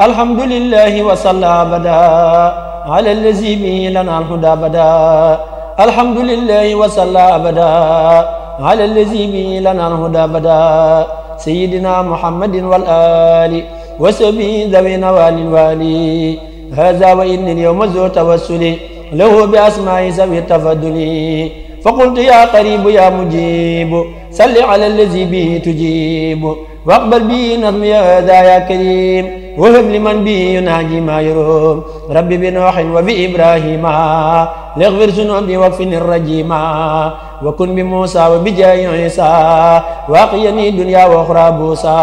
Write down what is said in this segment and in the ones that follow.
الحمد لله وصلى أبدا على الذي به لنا الهدى أبدا الحمد لله وصلى أبدا على الذي به لنا الهدى أبدا سيدنا محمد والآل وسبي ذوي نوال الوالي هذا وإن اليوم ذو توسلي له بأسماء ذوي التفضل فقلت يا قريب يا مجيب صل على الذي به تجيب واقبل به نظمي هذا يا كريم wahab liman bihi yunaaji ma yurum rabbi bi nooxin wa bi ibrahima lixfir sunubi wakfini rajima wa kun bi muusa wa bi jaayi isa wa aqiyani dunya wa uxra buusa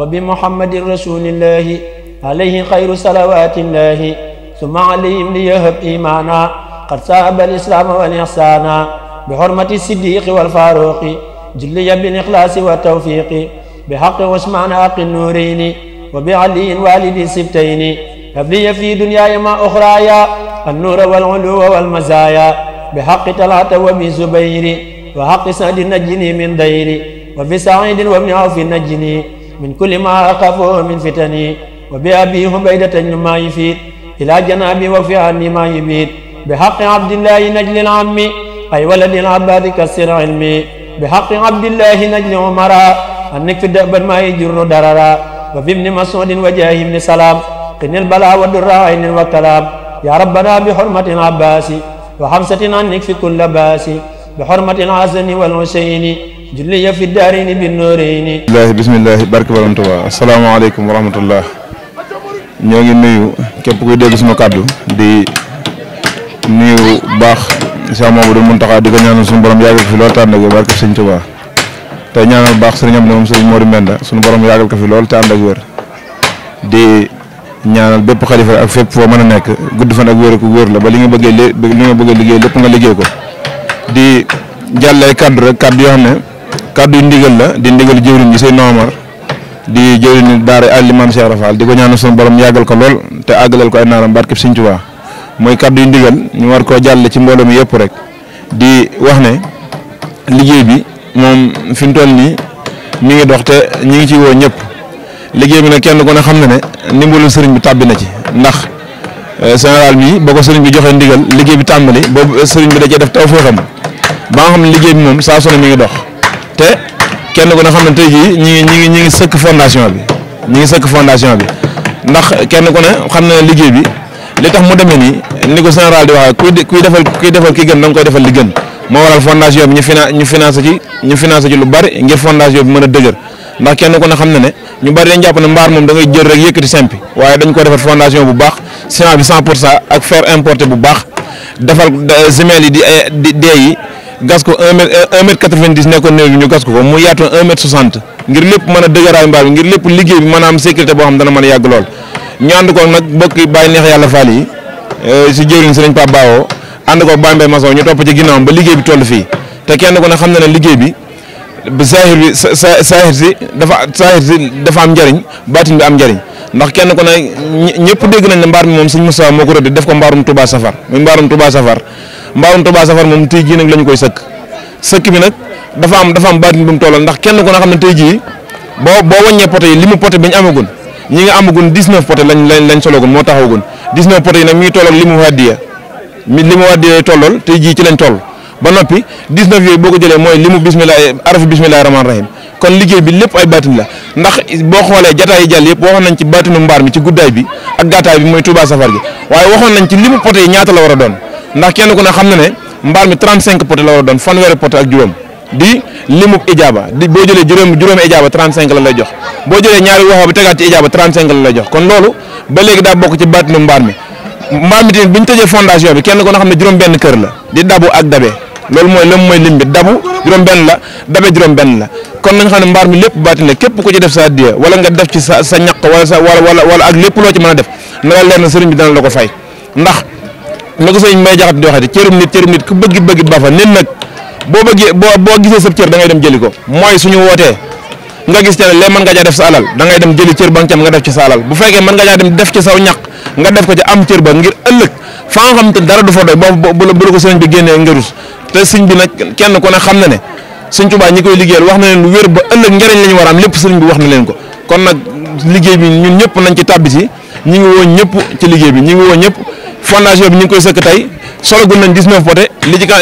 wa bi muhammadin rasulillahi alayhi xayru salawatillahi summa alayhim li yahab imana qad saaba alislaama wal ixsaana bi xormati siddiqi wal faaruqi julliya bil ixlaasi wa tawfiqi bi xaqi usmaan aqi nuurini وبعلي والد السبتين هب لي في دنياي ما أخرايا النور والعلو والمزايا بحق طلعت وابن زبير وحق سعد نجني من ديري وفي سعيد وابن عوف نجني من كل ما أخافه من فتني وبأبي عبيدة ما يفيد إلى جنابي وفي عني ما يبيد بحق عبد الله نجل العم أي ولد العباد كسر علمي بحق عبد الله نجل عمرا أنك في الدأب ما يجر دررا وفي ابن مسعود وجاه ابن سلام قن البلاء والدراء عين والكلام يا ربنا بحرمة العباس وحمسة عنك في كل باس بحرمة الحسن والحسين جلي في الدارين بالنورين الله بسم الله بارك برام تبا السلام عليكم ورحمة الله ñoo ngi nuyu képp kuy dégg sunu kàddu di nuyu baax Cheikh Mamadou Mountakha di ko ñaanal sunu borom yàgg fi lool tànn ak barke Sëñ Tuubaa tey ñaanal baax su ne moom sëriñ Modou Mbenda suñu borom yàggal ko fi lool te ànd ak wér di ak fépp foo mën a nekk gudd fan ak wér ak la ba li nga bëggee li nga bëgg a liggéey lépp ko di jàllee kaddu rek kaddu yoo la di ndigal jëwriñ bi say noomar di jëwriñ daara Alimam Cheikh Rafal di ko ñaanal borom yàggal ko lool te àggalal ko ay naaram barkeb Sëriñ Tuubaa mooy kaddu yu ndigal ñu war koo jàlle ci mbooloo mi yëpp rek di wax ne liggéey bi moom fi mu toll nii mu ngi dox te ñi ngi ci woo ñëpp liggéey bi nag kenn ku ne xam ne ne ndimbalu sëriñ bi tàbbi na ci ndax euh, général bi boo ko sëriñ bi joxee ndigal liggéey bi tàmbali boobu euh, sëriñ bi da cee def taw fooxam ba nga xam ne liggéey bi moom saa su ne mi ngi dox te kenn ku ne xam ne tey jii ñi ngi ñi ngi ñi ngi sëkk fondation bi ñi ngi sëkk fondation bi ndax kenn ku ne xam na ne liggéey bi li tax mu demee nii ni ko général di waxee kuy kuy defal kuy defal ki gën da koy defal li gën moo waral fondation bi ñu finan ñu financé ci ñu financé ci lu bari ngir fondation bi mën a dëgër ndax kenn ku na xam na ne ñu bari dañ jàpp ne mbaar moom da ngay jël rek yëkkati simpi waaye dañ ko defar fondation bu baax ciment bi 100 pour cent ak fer bu baax defal semelle yi di eh, di dee yi gas ko 1 mètre 1 eh, mètre 90 nekkoon néew bi ñu gas ko ko mu yaatu 1 mètre 60 ngir lépp mën a dëgëraay mbaar bi ngir lépp liggéey bi mën a am sécurité boo xam dana mën a yàgg lool ñu ànd ko nag bokk bàyyi neex yàlla faal yi eh, si jëriñ si lañ Pape na ne liggéey bi saahir bi saahir si am ndax kenn ku ne ñëpp dégg nañ ne ko rëdd def ko mbaarum Touba Safar muy mbaarum Touba Safar mbaarum Touba xam ne tey jii boo boo wàññee yi li mu poté amagun ñi nga amagun 19 poté lañ lañ lañ sologun moo taxawagun 19 poté yi nag mi ngi toll ak mi li ma wadd yooyu tollool tey jii ci lañ toll ba noppi 19 yooyu boo ko jëlee mooy limu bismillah arafu bismillahi rahmaani rahim kon liggéey bi lépp ay baatin ndax boo xoolee jataa yi jàll yëpp waxoon nañ ci baatinu mbaar mi ci guddaay bi ak gàttaay bi mooy Touba safar gi waaye waxoon nañ ci limu poté ñaata la war a doon ndax kenn ku ne xam na ne mbaar mi 35 poté la war a doon fanweeri poté ak juróom di limu ijaaba di boo jëlee juróom juróomi ijaaba la jox boo jëlee ñaari waxoo bi tegaat ci ijaaba 35 la lay jox kon loolu ba léegi bokk ci baatinu mbaar mi mbaam mi tamit bi ñu tëjee fondation bi kenn ko na xam ne juróom-benn kër la di dabu ak dabe loolu mooy lan mooy lim bi dabu juróom-benn la dabe juróom-benn la kon nañ xam ne mbaar mi lépp baati na képp ku ci def sa addiya wala nga def ci sa sa ñaq wala lépp loo ci mën a def na la leer na la ko fay ndax na ko sëriñ may jaxat di nit cërum nit ku bëgg bëgg ba fa nit nag boo boo boo gisee da ngay dem jëli ko mooy suñu wootee nga gis te ne lee mën nga caa def sa alal da dem jëli cër ba nga ca nga def ci sa alal bu fekkee mën nga caa def ci saw ñaq nga def ko ci am cër ba ngir ëllëg fa nga xam te dara du fa doy boo bu la ko sëriñ bi génnee nga te sëriñ bi nag kenn ku ne xam na ne sëriñ Tuubaa ñi koy liggéeyal wax na leen lu wér ba ëllëg njëriñ la ñu war a lépp sëriñ bi wax na leen ko kon nag liggéey bi ñu ñëpp nañ ci tàbbi si ñi ngi woo ñëpp ci liggéey bi ñi ngi woo ñëpp fondation bi ñu ngi koy sëkk tey solo gun nañ 19 poté li ci kan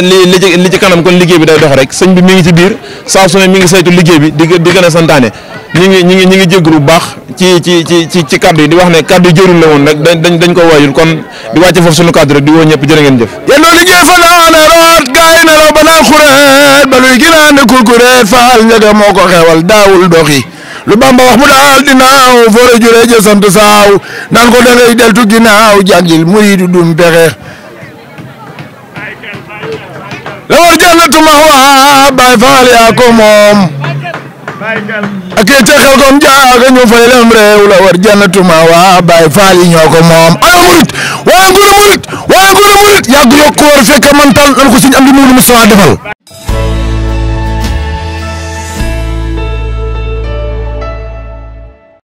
kanam kon liggéey bi day dox rek sëñ bi mi ngi ci biir saa su ne mi ngi saytu liggéey bi di di gën a santaane ñi ngi ñi ngi jégg bu baax ci ci ci ci ci kaddu yi di wax ne kaddu yi jëriñ la dañ dañ ko wayul kon di wàcce foofu sunu kaddu rek di woo ñëpp jërë ngeen jëf yéen loolu liggéey fa laana root gaa yi nelaw ba naan xureet ba luy ginaan ne kurkureet faal njëga moo ko xewal daawul doxi lu bamba wax mu daal dinaaw foore juree ja sant saaw naan ko da ngay deltu ginaaw jàngil muriidu dum pexe la war jannatu ma waa baay faal yaa moom akee ca xel kom jaaga ñu fay lem réew la war jannatuma waa Baay Faal yi ñoo ko moom ana murit waa gura murit waa gura murit yàgg yokk war fekke man tal nan ko sëñ am di muulu Mustafa